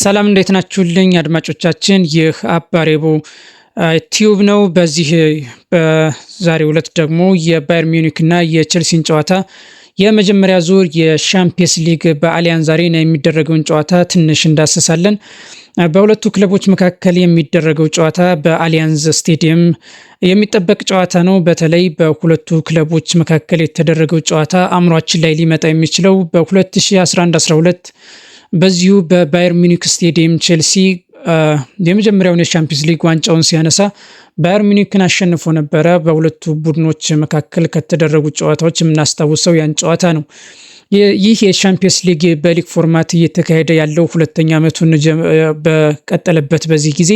ሰላም እንዴት ናችሁልኝ አድማጮቻችን፣ ይህ አባሬቦ ቲዩብ ነው። በዚህ በዛሬ ሁለት ደግሞ የባየር ሚኒክና የቼልሲን ጨዋታ የመጀመሪያ ዙር የሻምፒየንስ ሊግ በአሊያንዝ አሬና የሚደረገውን ጨዋታ ትንሽ እንዳሰሳለን። በሁለቱ ክለቦች መካከል የሚደረገው ጨዋታ በአሊያንዝ ስቴዲየም የሚጠበቅ ጨዋታ ነው። በተለይ በሁለቱ ክለቦች መካከል የተደረገው ጨዋታ አእምሯችን ላይ ሊመጣ የሚችለው በ2011/12 በዚሁ በባየር ሚኒክ ስቴዲየም ቼልሲ የመጀመሪያውን የቻምፒየንስ ሊግ ዋንጫውን ሲያነሳ ባየር ሚኒክን አሸንፎ ነበረ። በሁለቱ ቡድኖች መካከል ከተደረጉ ጨዋታዎች የምናስታውሰው ያን ጨዋታ ነው። ይህ የቻምፒየንስ ሊግ በሊግ ፎርማት እየተካሄደ ያለው ሁለተኛ ዓመቱን በቀጠለበት በዚህ ጊዜ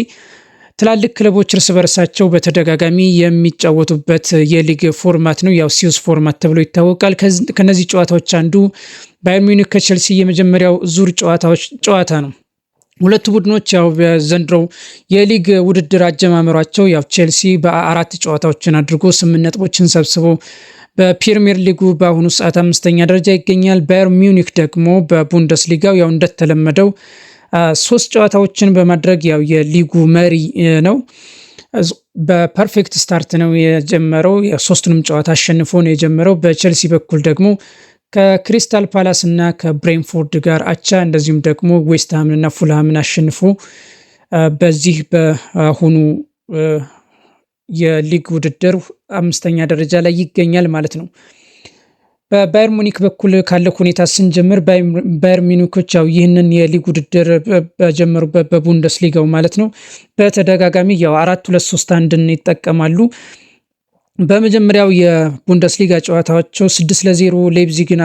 ትላልቅ ክለቦች እርስ በርሳቸው በተደጋጋሚ የሚጫወቱበት የሊግ ፎርማት ነው። ያው ሲዩስ ፎርማት ተብሎ ይታወቃል። ከነዚህ ጨዋታዎች አንዱ ባየር ሚኒክ ከቸልሲ የመጀመሪያው ዙር ጨዋታዎች ጨዋታ ነው። ሁለቱ ቡድኖች ያው በዘንድሮው የሊግ ውድድር አጀማመሯቸው ያው ቼልሲ በአራት ጨዋታዎችን አድርጎ ስምንት ነጥቦችን ሰብስቦ በፕሪሚየር ሊጉ በአሁኑ ሰዓት አምስተኛ ደረጃ ይገኛል። ባየር ሚኒክ ደግሞ በቡንደስሊጋው ያው እንደተለመደው ሶስት ጨዋታዎችን በማድረግ ያው የሊጉ መሪ ነው። በፐርፌክት ስታርት ነው የጀመረው። ሶስቱንም ጨዋታ አሸንፎ ነው የጀመረው። በቼልሲ በኩል ደግሞ ከክሪስታል ፓላስ እና ከብሬንፎርድ ጋር አቻ እንደዚሁም ደግሞ ዌስትሃምን እና ፉልሃምን አሸንፎ በዚህ በአሁኑ የሊግ ውድድር አምስተኛ ደረጃ ላይ ይገኛል ማለት ነው። በባየር ሙኒክ በኩል ካለ ሁኔታ ስንጀምር ባየር ሙኒኮች ያው ይህንን የሊግ ውድድር በጀመሩበት ሊጋው ማለት ነው በተደጋጋሚ ያው አራት ሁለት ሶስት አንድን ይጠቀማሉ። በመጀመሪያው ሊጋ ጨዋታቸው ስድስት ለዜሮ ሌብዚግን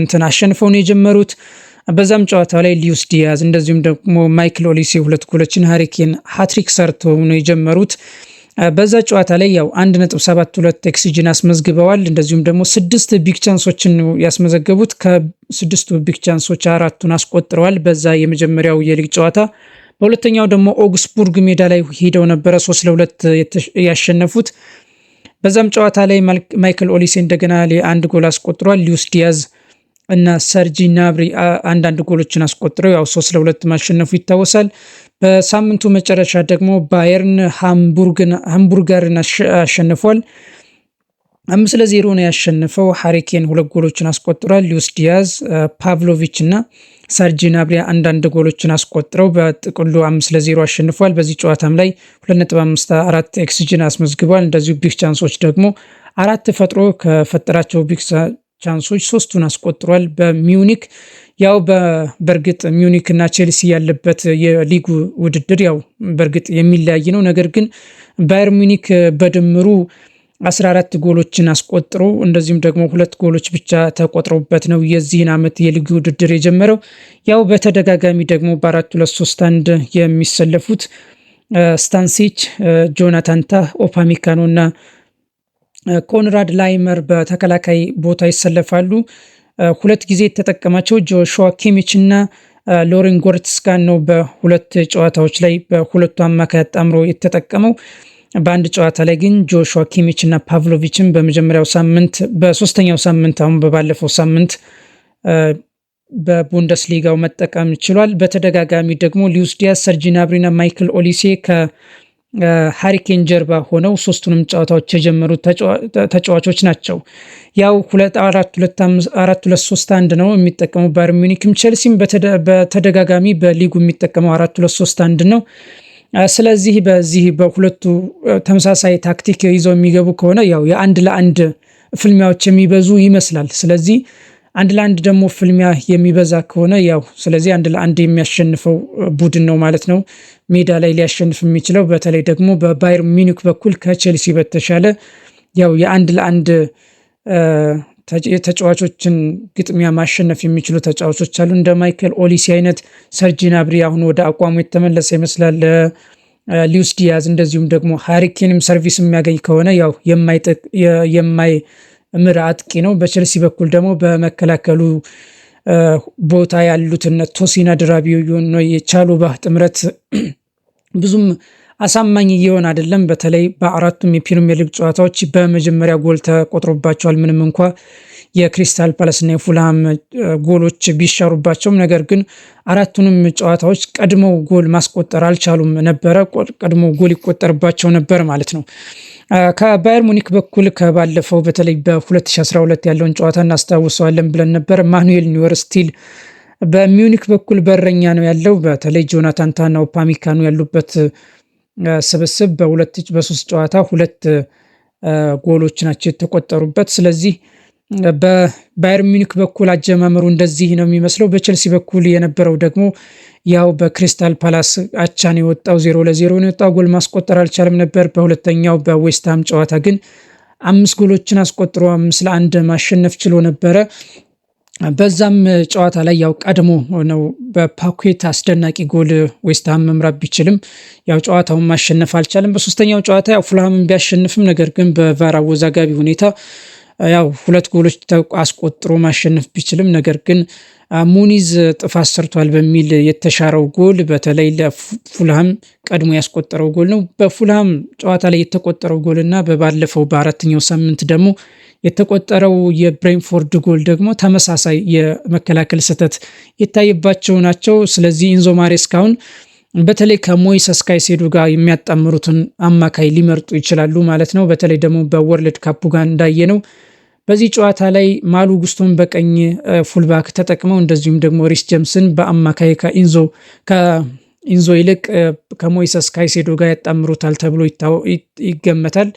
እንትን አሸንፈው ነው የጀመሩት። በዛም ጨዋታ ላይ ሊዩስ ዲያዝ እንደዚሁም ደግሞ ማይክል ኦሊሴ ሁለት ጎሎችን ሃሪኬን ሀትሪክ ሰርተው ነው የጀመሩት። በዛ ጨዋታ ላይ ያው ሁለት ኤክስጂን አስመዝግበዋል። እንደዚሁም ደግሞ ስድስት ቢግ ቻንሶችን ያስመዘገቡት። ከስድስቱ ቢግ ቻንሶች አራቱን አስቆጥረዋል በዛ የመጀመሪያው የሊግ ጨዋታ። በሁለተኛው ደግሞ ኦግስቡርግ ሜዳ ላይ ሄደው ነበረ ሶስት ለሁለት ያሸነፉት። በዛም ጨዋታ ላይ ማይክል ኦሊሴ እንደገና አንድ ጎል አስቆጥሯል። ሊዩስ ዲያዝ እና ሰርጂ ናብሪ አንዳንድ ጎሎችን አስቆጥረው ያው ሶስት ለሁለት ማሸነፉ ይታወሳል። በሳምንቱ መጨረሻ ደግሞ ባየርን ሃምቡርገርን አሸንፏል። አምስት ለዜሮ ነው ያሸንፈው። ሃሪኬን ሁለት ጎሎችን አስቆጥሯል። ሊዩስ ዲያዝ፣ ፓቭሎቪች እና ሳርጂን አንዳንድ ጎሎችን አስቆጥረው በጥቅሉ አምስት ለዜሮ አሸንፏል። በዚህ ጨዋታም ላይ 2.54 ኤክስጂን አስመዝግቧል። እንደዚሁ ቢግ ቻንሶች ደግሞ አራት ፈጥሮ ከፈጠራቸው ቢግ ቻንሶች ሶስቱን አስቆጥሯል። በሚውኒክ ያው በእርግጥ ሚዩኒክ እና ቼልሲ ያለበት የሊጉ ውድድር ያው በእርግጥ የሚለያይ ነው። ነገር ግን ባየር ሚዩኒክ በድምሩ 14 ጎሎችን አስቆጥሮ እንደዚሁም ደግሞ ሁለት ጎሎች ብቻ ተቆጥረውበት ነው የዚህን ዓመት የሊግ ውድድር የጀመረው። ያው በተደጋጋሚ ደግሞ በአራት ሁለት ሶስት አንድ የሚሰለፉት ስታንሴች፣ ጆናታንታ፣ ኦፓሚካኖ እና ኮንራድ ላይመር በተከላካይ ቦታ ይሰለፋሉ። ሁለት ጊዜ የተጠቀማቸው ጆሹዋ ኪሚች እና ሎሬን ጎርትስካን ነው። በሁለት ጨዋታዎች ላይ በሁለቱ አማካይ አጣምሮ የተጠቀመው። በአንድ ጨዋታ ላይ ግን ጆሹዋ ኪሚች እና ፓቭሎቪችን በመጀመሪያው ሳምንት በሶስተኛው ሳምንት አሁን በባለፈው ሳምንት በቡንደስሊጋው መጠቀም ችሏል። በተደጋጋሚ ደግሞ ሊዩስ ዲያስ፣ ማይክል ኦሊሴ ከ ሃሪኬን ጀርባ ሆነው ሶስቱንም ጨዋታዎች የጀመሩት ተጫዋቾች ናቸው። ያው አራት ሁለት ሶስት አንድ ነው የሚጠቀመው ባየር ሚኒክም ቼልሲም በተደጋጋሚ በሊጉ የሚጠቀመው አራት ሁለት ሶስት አንድ ነው። ስለዚህ በዚህ በሁለቱ ተመሳሳይ ታክቲክ ይዘው የሚገቡ ከሆነ ያው የአንድ ለአንድ ፍልሚያዎች የሚበዙ ይመስላል። ስለዚህ አንድ ለአንድ ደግሞ ፍልሚያ የሚበዛ ከሆነ ያው ስለዚህ አንድ ለአንድ የሚያሸንፈው ቡድን ነው ማለት ነው ሜዳ ላይ ሊያሸንፍ የሚችለው። በተለይ ደግሞ በባየር ሚኒክ በኩል ከቼልሲ በተሻለ ያው የአንድ ለአንድ ተጫዋቾችን ግጥሚያ ማሸነፍ የሚችሉ ተጫዋቾች አሉ። እንደ ማይከል ኦሊሲ አይነት ሰርጂን አብሪ አሁን ወደ አቋሙ የተመለሰ ይመስላል። ሊዩስ ዲያዝ እንደዚሁም ደግሞ ሃሪኬንም ሰርቪስ የሚያገኝ ከሆነ ያው የማይ እምር አጥቂ ነው። በቸልሲ በኩል ደግሞ በመከላከሉ ቦታ ያሉት እነ ቶሲና ድራቢዮ ነው የቻሉባህ ጥምረት ብዙም አሳማኝ እየሆነ አይደለም። በተለይ በአራቱም የፕሪሚየር ሊግ ጨዋታዎች በመጀመሪያ ጎል ተቆጥሮባቸዋል። ምንም እንኳ የክሪስታል ፓላስና የፉልሃም ጎሎች ቢሻሩባቸውም፣ ነገር ግን አራቱንም ጨዋታዎች ቀድመው ጎል ማስቆጠር አልቻሉም ነበረ። ቀድሞ ጎል ይቆጠርባቸው ነበር ማለት ነው። ከባየር ሙኒክ በኩል ከባለፈው በተለይ በ2012 ያለውን ጨዋታ እናስታውሰዋለን ብለን ነበር። ማኑኤል ኒወር ስቲል በሚዩኒክ በኩል በረኛ ነው ያለው። በተለይ ጆናታን ታና ኡፓሚካኖ ያሉበት ስብስብ በሁለት በሶስት ጨዋታ ሁለት ጎሎች ናቸው የተቆጠሩበት። ስለዚህ በባየር ሚኒክ በኩል አጀማመሩ እንደዚህ ነው የሚመስለው። በቼልሲ በኩል የነበረው ደግሞ ያው በክሪስታል ፓላስ አቻን የወጣው ዜሮ ለዜሮ ነው የወጣው ጎል ማስቆጠር አልቻለም ነበር። በሁለተኛው በዌስትሃም ጨዋታ ግን አምስት ጎሎችን አስቆጥሮ አምስት ለአንድ ማሸነፍ ችሎ ነበረ። በዛም ጨዋታ ላይ ያው ቀድሞ ነው በፓኬት አስደናቂ ጎል ዌስትሃም መምራት ቢችልም ያው ጨዋታውን ማሸነፍ አልቻለም። በሶስተኛው ጨዋታ ያው ፉልሃምን ቢያሸንፍም ነገር ግን በቫር አወዛጋቢ ሁኔታ ያው ሁለት ጎሎች አስቆጥሮ ማሸነፍ ቢችልም ነገር ግን ሙኒዝ ጥፋት ሰርቷል በሚል የተሻረው ጎል በተለይ ለፉልሃም ቀድሞ ያስቆጠረው ጎል ነው። በፉልሃም ጨዋታ ላይ የተቆጠረው ጎል እና በባለፈው በአራተኛው ሳምንት ደግሞ የተቆጠረው የብሬንፎርድ ጎል ደግሞ ተመሳሳይ የመከላከል ስህተት የታየባቸው ናቸው። ስለዚህ ኢንዞ ማሬስካ አሁን በተለይ ከሞይሰስ ካይሴዶ ጋር የሚያጣምሩትን አማካይ ሊመርጡ ይችላሉ ማለት ነው። በተለይ ደግሞ በወርልድ ካፑ ጋር እንዳየ ነው። በዚህ ጨዋታ ላይ ማሉ ጉስቶን በቀኝ ፉልባክ ተጠቅመው እንደዚሁም ደግሞ ሪስ ጀምስን በአማካይ ከኢንዞ ኢንዞ ይልቅ ከሞይሰስ ካይሴዶ ጋር ያጣምሩታል ተብሎ ይገመታል።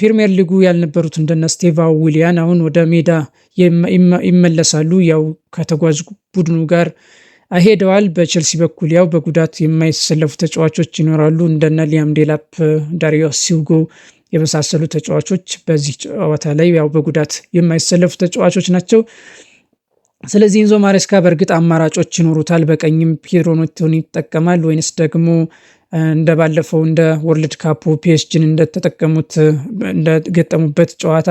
ፕሪምየር ሊጉ ያልነበሩት እንደነ ስቴቫ ዊሊያን አሁን ወደ ሜዳ ይመለሳሉ። ያው ከተጓዝ ቡድኑ ጋር አሄደዋል። በቼልሲ በኩል ያው በጉዳት የማይሰለፉ ተጫዋቾች ይኖራሉ። እንደነ ሊያም ዴላፕ፣ ዳሪዮ ሲውጎ የመሳሰሉ ተጫዋቾች በዚህ ጨዋታ ላይ ያው በጉዳት የማይሰለፉ ተጫዋቾች ናቸው። ስለዚህ ኢንዞ ማሬስካ በእርግጥ አማራጮች ይኖሩታል። በቀኝም ፔድሮ ኔቶን ይጠቀማል ወይንስ ደግሞ እንደ ባለፈው እንደ ወርልድ ካፑ ፒኤስጂን እንደተጠቀሙት እንደገጠሙበት ጨዋታ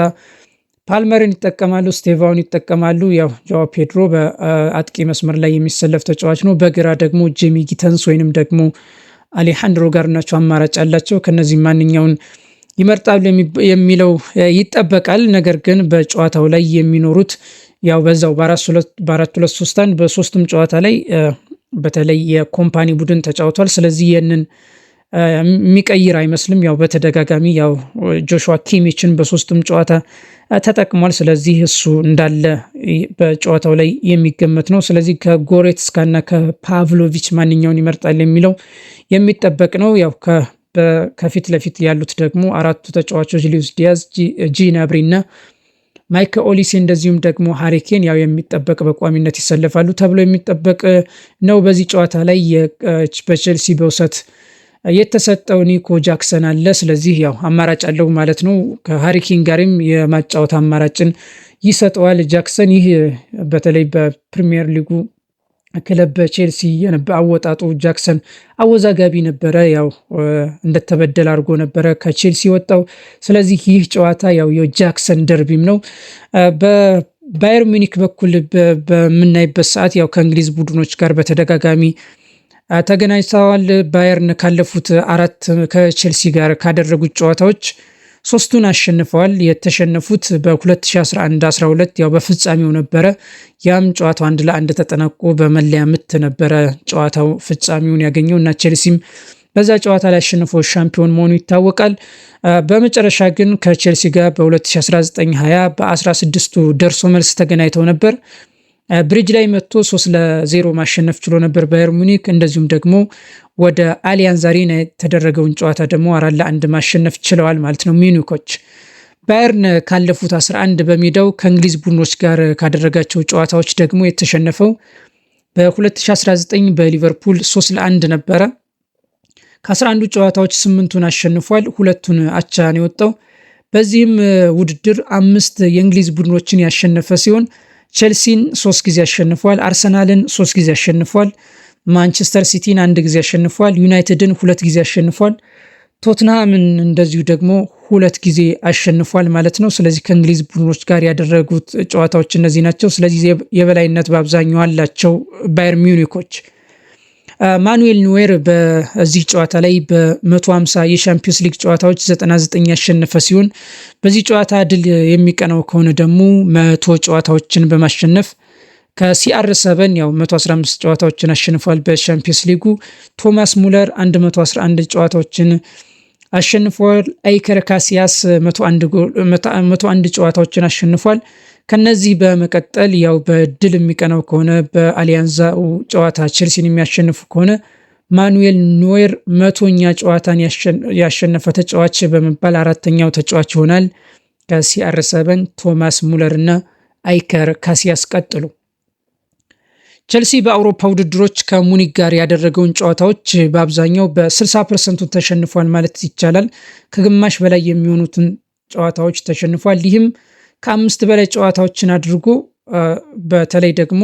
ፓልመርን ይጠቀማሉ፣ ስቴቫውን ይጠቀማሉ። ያው ጃዋ ፔድሮ በአጥቂ መስመር ላይ የሚሰለፍ ተጫዋች ነው። በግራ ደግሞ ጄሚ ጊተንስ ወይንም ደግሞ አሌሃንድሮ ጋር ናቸው አማራጭ አላቸው። ከነዚህ ማንኛውን ይመርጣሉ የሚለው ይጠበቃል። ነገር ግን በጨዋታው ላይ የሚኖሩት ያው በዛው በአራት ሁለት ሶስት አንድ በሶስቱም ጨዋታ ላይ በተለይ የኮምፓኒ ቡድን ተጫውቷል። ስለዚህ ይህንን የሚቀይር አይመስልም። ያው በተደጋጋሚ ያው ጆሹዋ ኪሚችን በሶስቱም ጨዋታ ተጠቅሟል። ስለዚህ እሱ እንዳለ በጨዋታው ላይ የሚገመት ነው። ስለዚህ ከጎሬትስካና ከፓቭሎቪች ማንኛውን ይመርጣል የሚለው የሚጠበቅ ነው። ያው ከፊት ለፊት ያሉት ደግሞ አራቱ ተጫዋቾች ሊዩስ ዲያዝ፣ ጂናብሪ እና ማይክ ኦሊሴ እንደዚሁም ደግሞ ሀሪኬን ያው የሚጠበቅ በቋሚነት ይሰለፋሉ ተብሎ የሚጠበቅ ነው። በዚህ ጨዋታ ላይ በቼልሲ በውሰት የተሰጠው ኒኮ ጃክሰን አለ። ስለዚህ ያው አማራጭ አለው ማለት ነው። ከሀሪኬን ጋርም የማጫወት አማራጭን ይሰጠዋል ጃክሰን። ይህ በተለይ በፕሪሚየር ሊጉ ክለብ የነበረ አወጣጡ ጃክሰን አወዛጋቢ ነበረ። ያው እንደተበደል አድርጎ ነበረ ከቼልሲ ወጣው። ስለዚህ ይህ ጨዋታ ያው የጃክሰን ደርቢም ነው። በባየር ሚኒክ በኩል በምናይበት ሰዓት ያው ከእንግሊዝ ቡድኖች ጋር በተደጋጋሚ ተገናኝተዋል። ባየርን ካለፉት አራት ከቼልሲ ጋር ካደረጉት ጨዋታዎች ሶስቱን አሸንፈዋል። የተሸነፉት በ2011-12 ያው በፍጻሜው ነበረ። ያም ጨዋታው አንድ ለአንድ ተጠናቆ በመለያ ምት ነበረ ጨዋታው ፍጻሜውን ያገኘው እና ቼልሲም በዛ ጨዋታ ላይ አሸንፎ ሻምፒዮን መሆኑ ይታወቃል። በመጨረሻ ግን ከቼልሲ ጋር በ2019-20 በ16ቱ ደርሶ መልስ ተገናኝተው ነበር። ብሪጅ ላይ መጥቶ ሶስት ለዜሮ ማሸነፍ ችሎ ነበር ባየር ሙኒክ። እንደዚሁም ደግሞ ወደ አሊያንዝ የተደረገውን ጨዋታ ደግሞ አራት ለአንድ ማሸነፍ ችለዋል ማለት ነው ሚኒኮች። ባየርን ካለፉት 11 በሜዳው ከእንግሊዝ ቡድኖች ጋር ካደረጋቸው ጨዋታዎች ደግሞ የተሸነፈው በ2019 በሊቨርፑል 3 ለአንድ ነበረ። ከ11ዱ ጨዋታዎች ስምንቱን አሸንፏል፣ ሁለቱን አቻ ነው የወጣው። በዚህም ውድድር አምስት የእንግሊዝ ቡድኖችን ያሸነፈ ሲሆን ቼልሲን ሶስት ጊዜ አሸንፏል። አርሰናልን ሶስት ጊዜ አሸንፏል። ማንቸስተር ሲቲን አንድ ጊዜ አሸንፏል። ዩናይትድን ሁለት ጊዜ አሸንፏል። ቶትናምን እንደዚሁ ደግሞ ሁለት ጊዜ አሸንፏል ማለት ነው። ስለዚህ ከእንግሊዝ ቡድኖች ጋር ያደረጉት ጨዋታዎች እነዚህ ናቸው። ስለዚህ የበላይነት በአብዛኛው አላቸው ባየር ሚኒኮች። ማኑኤል ኑዌር በዚህ ጨዋታ ላይ በ150 የሻምፒዮንስ ሊግ ጨዋታዎች 99 ያሸነፈ ሲሆን በዚህ ጨዋታ ድል የሚቀናው ከሆነ ደግሞ መቶ ጨዋታዎችን በማሸነፍ ከሲአር ሰበን ያው 115 ጨዋታዎችን አሸንፏል። በሻምፒዮንስ ሊጉ ቶማስ ሙለር 111 ጨዋታዎችን አሸንፏል። አይከር ካሲያስ 101 ጨዋታዎችን አሸንፏል። ከነዚህ በመቀጠል ያው በድል የሚቀናው ከሆነ በአሊያንዛው ጨዋታ ቼልሲን የሚያሸንፉ ከሆነ ማኑኤል ኖዌር መቶኛ ጨዋታን ያሸነፈ ተጫዋች በመባል አራተኛው ተጫዋች ይሆናል። ከሲአር ሰበን ቶማስ ሙለር እና አይከር ካሲያስ ቀጥሉ። ቼልሲ በአውሮፓ ውድድሮች ከሙኒክ ጋር ያደረገውን ጨዋታዎች በአብዛኛው በ60 ፐርሰንቱ ተሸንፏል ማለት ይቻላል። ከግማሽ በላይ የሚሆኑትን ጨዋታዎች ተሸንፏል። ይህም ከአምስት በላይ ጨዋታዎችን አድርጎ በተለይ ደግሞ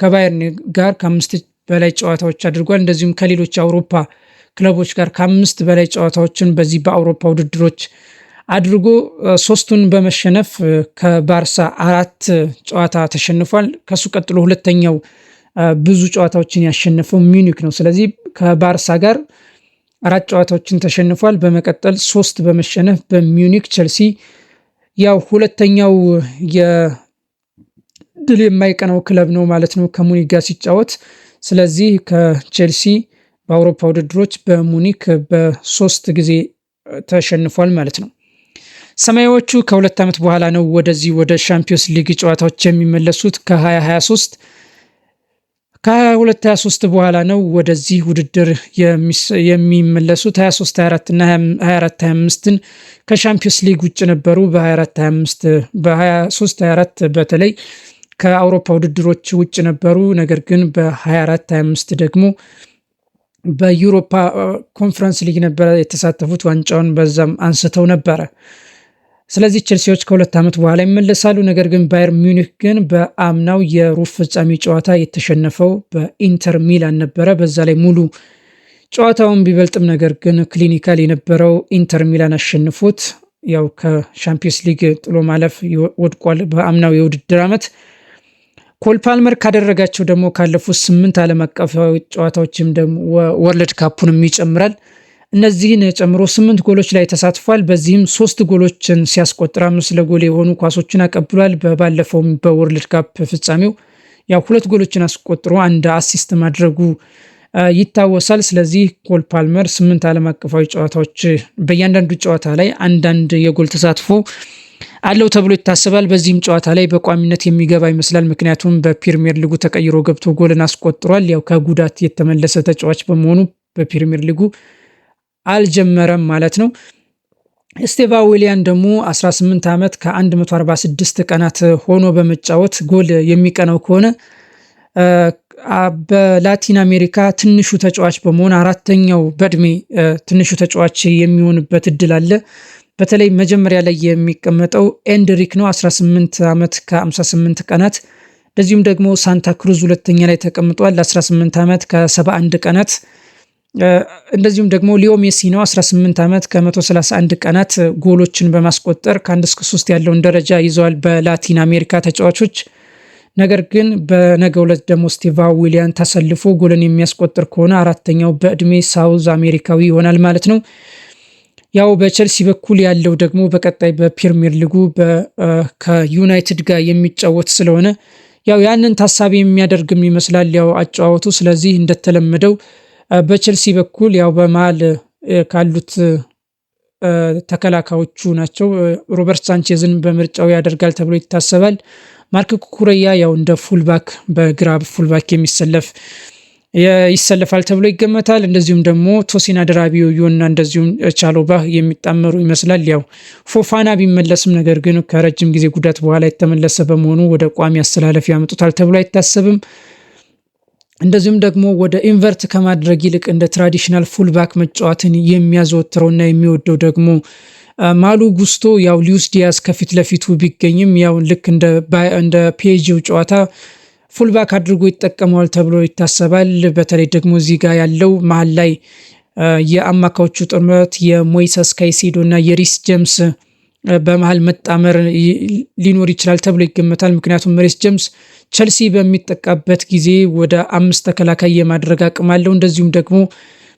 ከባየርን ጋር ከአምስት በላይ ጨዋታዎች አድርጓል። እንደዚሁም ከሌሎች አውሮፓ ክለቦች ጋር ከአምስት በላይ ጨዋታዎችን በዚህ በአውሮፓ ውድድሮች አድርጎ ሶስቱን በመሸነፍ ከባርሳ አራት ጨዋታ ተሸንፏል። ከሱ ቀጥሎ ሁለተኛው ብዙ ጨዋታዎችን ያሸነፈው ሚኒክ ነው። ስለዚህ ከባርሳ ጋር አራት ጨዋታዎችን ተሸንፏል። በመቀጠል ሶስት በመሸነፍ በሚኒክ ቸልሲ ያው ሁለተኛው የድል የማይቀነው ክለብ ነው ማለት ነው ከሙኒክ ጋር ሲጫወት። ስለዚህ ከቼልሲ በአውሮፓ ውድድሮች በሙኒክ በሶስት ጊዜ ተሸንፏል ማለት ነው። ሰማያዎቹ ከሁለት ዓመት በኋላ ነው ወደዚህ ወደ ሻምፒዮንስ ሊግ ጨዋታዎች የሚመለሱት ከ2023 ከ22 23 በኋላ ነው ወደዚህ ውድድር የሚመለሱት። 23 24 እና 24 25ን ከሻምፒዮንስ ሊግ ውጭ ነበሩ። በ24 በ23 24 በተለይ ከአውሮፓ ውድድሮች ውጭ ነበሩ። ነገር ግን በ24 25 ደግሞ በዩሮፓ ኮንፈረንስ ሊግ ነበረ የተሳተፉት። ዋንጫውን በዛም አንስተው ነበረ። ስለዚህ ቸልሲዎች ከሁለት ዓመት በኋላ ይመለሳሉ። ነገር ግን ባየር ሚኒክ ግን በአምናው የሩብ ፍጻሜ ጨዋታ የተሸነፈው በኢንተር ሚላን ነበረ። በዛ ላይ ሙሉ ጨዋታውን ቢበልጥም ነገር ግን ክሊኒካል የነበረው ኢንተር ሚላን አሸንፎት ያው ከሻምፒዮንስ ሊግ ጥሎ ማለፍ ወድቋል። በአምናው የውድድር ዓመት ኮል ፓልመር ካደረጋቸው ደግሞ ካለፉት ስምንት ዓለም አቀፋዊ ጨዋታዎችም ደግሞ ወርልድ ካፑንም ይጨምራል። እነዚህን ጨምሮ ስምንት ጎሎች ላይ ተሳትፏል። በዚህም ሶስት ጎሎችን ሲያስቆጥር አምስት ለጎል የሆኑ ኳሶችን አቀብሏል። በባለፈውም በወርልድ ካፕ ፍጻሜው ያው ሁለት ጎሎችን አስቆጥሮ አንድ አሲስት ማድረጉ ይታወሳል። ስለዚህ ኮል ፓልመር ስምንት ዓለም አቀፋዊ ጨዋታዎች በእያንዳንዱ ጨዋታ ላይ አንዳንድ የጎል ተሳትፎ አለው ተብሎ ይታሰባል። በዚህም ጨዋታ ላይ በቋሚነት የሚገባ ይመስላል። ምክንያቱም በፕሪሚየር ሊጉ ተቀይሮ ገብቶ ጎልን አስቆጥሯል። ያው ከጉዳት የተመለሰ ተጫዋች በመሆኑ በፕሪሚየር ሊጉ አልጀመረም ማለት ነው። ስቴቫ ዊሊያን ደግሞ 18 ዓመት ከ146 ቀናት ሆኖ በመጫወት ጎል የሚቀናው ከሆነ በላቲን አሜሪካ ትንሹ ተጫዋች በመሆን አራተኛው በእድሜ ትንሹ ተጫዋች የሚሆንበት እድል አለ። በተለይ መጀመሪያ ላይ የሚቀመጠው ኤንድሪክ ነው 18 ዓመት ከ58 ቀናት። እንደዚሁም ደግሞ ሳንታ ክሩዝ ሁለተኛ ላይ ተቀምጧል 18 ዓመት ከ71 ቀናት። እንደዚሁም ደግሞ ሊዮ ሜሲ ነው 18 ዓመት ከ131 ቀናት ጎሎችን በማስቆጠር ከአንድ እስከ ሶስት ያለውን ደረጃ ይዘዋል በላቲን አሜሪካ ተጫዋቾች። ነገር ግን በነገ ሁለት ደግሞ ስቴቫ ዊሊያን ተሰልፎ ጎልን የሚያስቆጥር ከሆነ አራተኛው በእድሜ ሳውዝ አሜሪካዊ ይሆናል ማለት ነው። ያው በቸልሲ በኩል ያለው ደግሞ በቀጣይ በፕሪሚየር ሊጉ ከዩናይትድ ጋር የሚጫወት ስለሆነ ያው ያንን ታሳቢ የሚያደርግም ይመስላል ያው አጨዋወቱ። ስለዚህ እንደተለመደው በቼልሲ በኩል ያው በመሀል ካሉት ተከላካዮቹ ናቸው። ሮበርት ሳንቼዝን በምርጫው ያደርጋል ተብሎ ይታሰባል። ማርክ ኩኩረያ ያው እንደ ፉልባክ በግራ ፉልባክ የሚሰለፍ ይሰለፋል ተብሎ ይገመታል። እንደዚሁም ደግሞ ቶሲን አደራቢዮ እና እንደዚሁም ቻሎባ የሚጣመሩ ይመስላል። ያው ፎፋና ቢመለስም ነገር ግን ከረጅም ጊዜ ጉዳት በኋላ የተመለሰ በመሆኑ ወደ ቋሚ አስተላለፍ ያመጡታል ተብሎ አይታሰብም። እንደዚሁም ደግሞ ወደ ኢንቨርት ከማድረግ ይልቅ እንደ ትራዲሽናል ፉልባክ መጫወትን የሚያዘወትረውና የሚወደው ደግሞ ማሉ ጉስቶ ያው ሊዩስ ዲያስ ከፊት ለፊቱ ቢገኝም ያው ልክ እንደ ፒኤስጂው ጨዋታ ፉልባክ አድርጎ ይጠቀመዋል ተብሎ ይታሰባል። በተለይ ደግሞ እዚህ ጋር ያለው መሀል ላይ የአማካዮቹ ጥምረት የሞይሰስ ካይሴዶ እና የሪስ ጀምስ በመሀል መጣመር ሊኖር ይችላል ተብሎ ይገመታል። ምክንያቱም መሬስ ጀምስ ቸልሲ በሚጠቃበት ጊዜ ወደ አምስት ተከላካይ የማድረግ አቅም አለው። እንደዚሁም ደግሞ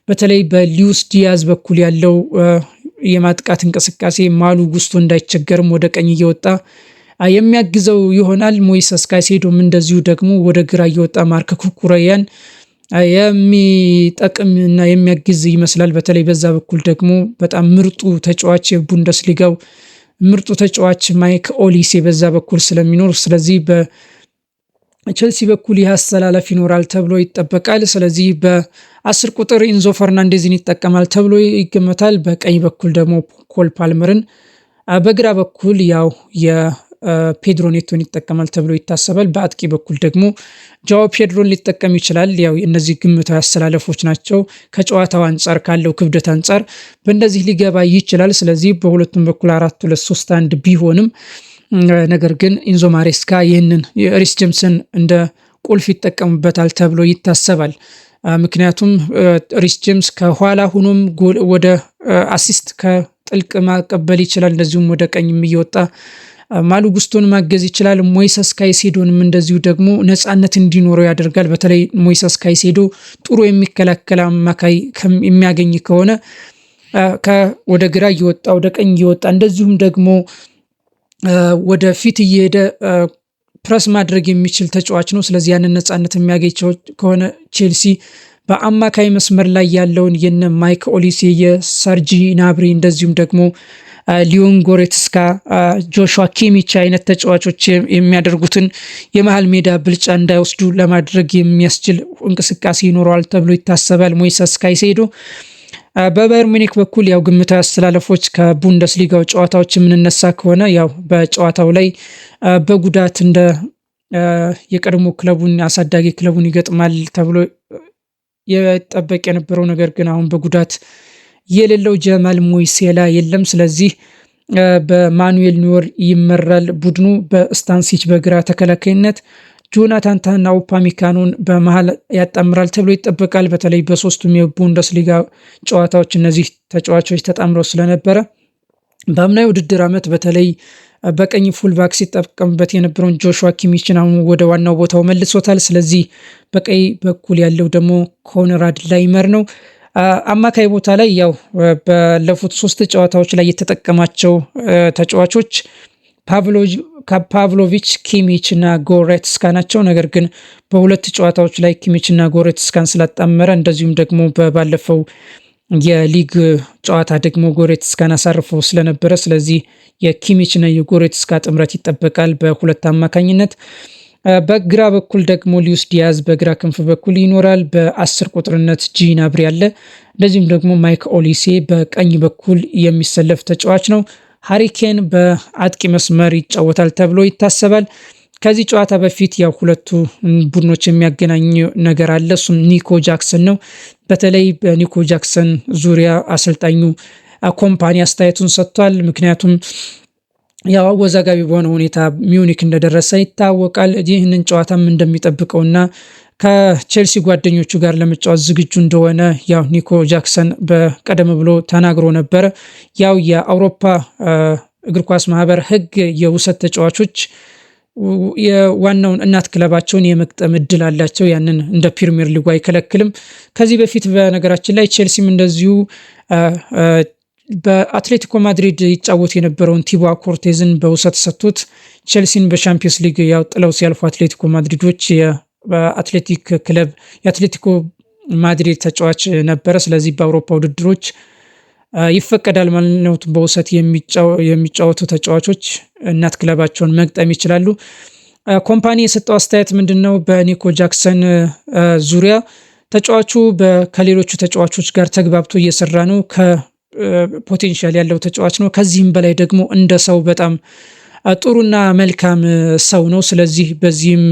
በተለይ በሊዩስ ዲያዝ በኩል ያለው የማጥቃት እንቅስቃሴ ማሉ ጉስቶ እንዳይቸገርም ወደ ቀኝ እየወጣ የሚያግዘው ይሆናል። ሞይሰስ ካይሴዶም እንደዚሁ ደግሞ ወደ ግራ እየወጣ ማርክ ኩኩረያን የሚጠቅም እና የሚያግዝ ይመስላል። በተለይ በዛ በኩል ደግሞ በጣም ምርጡ ተጫዋች የቡንደስሊጋው ምርጡ ተጫዋች ማይክ ኦሊስ በዛ በኩል ስለሚኖር ስለዚህ በቸልሲ በኩል ይህ አሰላለፍ ይኖራል ተብሎ ይጠበቃል። ስለዚህ በአስር ቁጥር ኢንዞ ፈርናንዴዝን ይጠቀማል ተብሎ ይገመታል። በቀኝ በኩል ደግሞ ኮል ፓልመርን በግራ በኩል ያው ፔድሮ ኔቶን ይጠቀማል ተብሎ ይታሰባል። በአጥቂ በኩል ደግሞ ጃዋ ፔድሮን ሊጠቀም ይችላል። ያው እነዚህ ግምታዊ አስተላለፎች ናቸው። ከጨዋታው አንጻር ካለው ክብደት አንጻር በእንደዚህ ሊገባ ይችላል። ስለዚህ በሁለቱም በኩል አራት ሁለት ሶስት አንድ ቢሆንም ነገር ግን ኢንዞ ማሬስካ ይህንን ሪስ ጀምስን እንደ ቁልፍ ይጠቀሙበታል ተብሎ ይታሰባል። ምክንያቱም ሪስ ጄምስ ከኋላ ሆኖም ወደ አሲስት ከጥልቅ ማቀበል ይችላል። እንደዚሁም ወደ ቀኝም እየወጣ ማሉጉስቶን ማገዝ ይችላል። ሞይሰስ ካይሴዶንም እንደዚሁ ደግሞ ነፃነት እንዲኖረው ያደርጋል። በተለይ ሞይሰስ ካይሴዶ ጥሩ የሚከላከል አማካይ የሚያገኝ ከሆነ ወደ ግራ እየወጣ ወደ ቀኝ እየወጣ እንደዚሁም ደግሞ ወደ ፊት እየሄደ ፕረስ ማድረግ የሚችል ተጫዋች ነው። ስለዚህ ያንን ነፃነት የሚያገኝ ከሆነ ቼልሲ በአማካይ መስመር ላይ ያለውን የነ ማይክ ኦሊሴ የሰርጂ ናብሪ እንደዚሁም ደግሞ ሊዮን ጎሬትስካ፣ ጆሹዋ ኬሚች አይነት ተጫዋቾች የሚያደርጉትን የመሀል ሜዳ ብልጫ እንዳይወስዱ ለማድረግ የሚያስችል እንቅስቃሴ ይኖረዋል ተብሎ ይታሰባል። ሞይሰስ ካይሴዶ በባየር ሙኒክ በኩል ያው ግምታዊ አስተላለፎች ከቡንደስሊጋው ጨዋታዎች የምንነሳ ከሆነ ያው በጨዋታው ላይ በጉዳት እንደ የቀድሞ ክለቡን አሳዳጊ ክለቡን ይገጥማል ተብሎ የጠበቅ የነበረው ነገር ግን አሁን በጉዳት የሌለው ጀማል ሞይሴላ የለም። ስለዚህ በማኑኤል ኒወር ይመራል ቡድኑ በስታንሲች በግራ ተከላካይነት ጆናታን ታና ኡፓሚካኖን በመሃል ያጣምራል ተብሎ ይጠበቃል። በተለይ በሶስቱም የቡንደስሊጋ ጨዋታዎች እነዚህ ተጫዋቾች ተጣምረው ስለነበረ በአምና ውድድር ዓመት በተለይ በቀኝ ፉልባክ ሲጠቀምበት የነበረውን ጆሹዋ ኪሚችን አሁን ወደ ዋናው ቦታው መልሶታል። ስለዚህ በቀኝ በኩል ያለው ደግሞ ኮንራድ ላይመር ነው። አማካይ ቦታ ላይ ያው ባለፉት ሶስት ጨዋታዎች ላይ የተጠቀማቸው ተጫዋቾች ፓቭሎቪች፣ ኪሚች እና ጎሬትስካ ናቸው። ነገር ግን በሁለት ጨዋታዎች ላይ ኪሚች እና ጎሬትስካን ስላጣመረ እንደዚሁም ደግሞ በባለፈው የሊግ ጨዋታ ደግሞ ጎሬትስካን አሳርፎ ስለነበረ ስለዚህ የኪሚች እና የጎሬትስካ ጥምረት ይጠበቃል በሁለት አማካኝነት በግራ በኩል ደግሞ ሊዩስ ዲያዝ በግራ ክንፍ በኩል ይኖራል። በአስር ቁጥርነት ጂን አብሪ አለ። እንደዚሁም ደግሞ ማይክ ኦሊሴ በቀኝ በኩል የሚሰለፍ ተጫዋች ነው። ሃሪኬን በአጥቂ መስመር ይጫወታል ተብሎ ይታሰባል። ከዚህ ጨዋታ በፊት ያው ሁለቱ ቡድኖች የሚያገናኝ ነገር አለ። እሱም ኒኮ ጃክሰን ነው። በተለይ በኒኮ ጃክሰን ዙሪያ አሰልጣኙ ኮምፓኒ አስተያየቱን ሰጥቷል። ምክንያቱም ያው አወዛጋቢ በሆነ ሁኔታ ሚዩኒክ እንደደረሰ ይታወቃል። ይህንን ጨዋታም እንደሚጠብቀውና ከቼልሲ ጓደኞቹ ጋር ለመጫወት ዝግጁ እንደሆነ ያው ኒኮ ጃክሰን በቀደም ብሎ ተናግሮ ነበር። ያው የአውሮፓ እግር ኳስ ማህበር ሕግ የውሰት ተጫዋቾች የዋናውን እናት ክለባቸውን የመቅጠም እድል አላቸው። ያንን እንደ ፕሪሚየር ሊጉ አይከለክልም። ከዚህ በፊት በነገራችን ላይ ቼልሲም እንደዚሁ በአትሌቲኮ ማድሪድ ይጫወት የነበረውን ቲቧ ኮርቴዝን በውሰት ሰጥቶት ቼልሲን በሻምፒዮንስ ሊግ ያው ጥለው ሲያልፉ አትሌቲኮ ማድሪዶች በአትሌቲክ ክለብ የአትሌቲኮ ማድሪድ ተጫዋች ነበረ። ስለዚህ በአውሮፓ ውድድሮች ይፈቀዳል ማለት ነው። በውሰት የሚጫወቱ ተጫዋቾች እናት ክለባቸውን መግጠም ይችላሉ። ኮምፓኒ የሰጠው አስተያየት ምንድን ነው? በኒኮ ጃክሰን ዙሪያ ተጫዋቹ ከሌሎቹ ተጫዋቾች ጋር ተግባብቶ እየሰራ ነው ፖቴንሻል ያለው ተጫዋች ነው። ከዚህም በላይ ደግሞ እንደ ሰው በጣም ጥሩና መልካም ሰው ነው። ስለዚህ በዚህም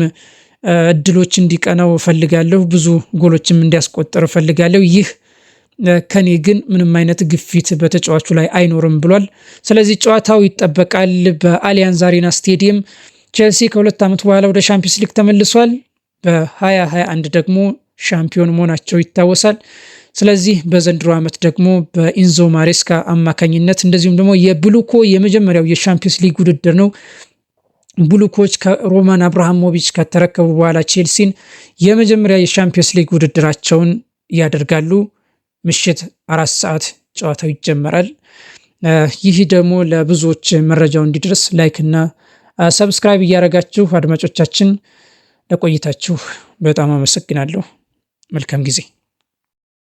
እድሎች እንዲቀናው እፈልጋለሁ። ብዙ ጎሎችም እንዲያስቆጠር እፈልጋለሁ። ይህ ከኔ ግን ምንም አይነት ግፊት በተጫዋቹ ላይ አይኖርም ብሏል። ስለዚህ ጨዋታው ይጠበቃል። በአሊያንዝ አሬና ስቴዲየም ቼልሲ ከሁለት ዓመት በኋላ ወደ ሻምፒዮንስ ሊግ ተመልሷል። በ2021 ደግሞ ሻምፒዮን መሆናቸው ይታወሳል። ስለዚህ በዘንድሮ ዓመት ደግሞ በኢንዞ ማሬስካ አማካኝነት እንደዚሁም ደግሞ የብሉኮ የመጀመሪያው የሻምፒዮንስ ሊግ ውድድር ነው። ብሉኮች ከሮማን አብርሃሞቪች ከተረከቡ በኋላ ቼልሲን የመጀመሪያ የሻምፒዮንስ ሊግ ውድድራቸውን ያደርጋሉ። ምሽት አራት ሰዓት ጨዋታው ይጀመራል። ይህ ደግሞ ለብዙዎች መረጃው እንዲደርስ ላይክ እና ሰብስክራይብ እያደረጋችሁ አድማጮቻችን ለቆይታችሁ በጣም አመሰግናለሁ። መልካም ጊዜ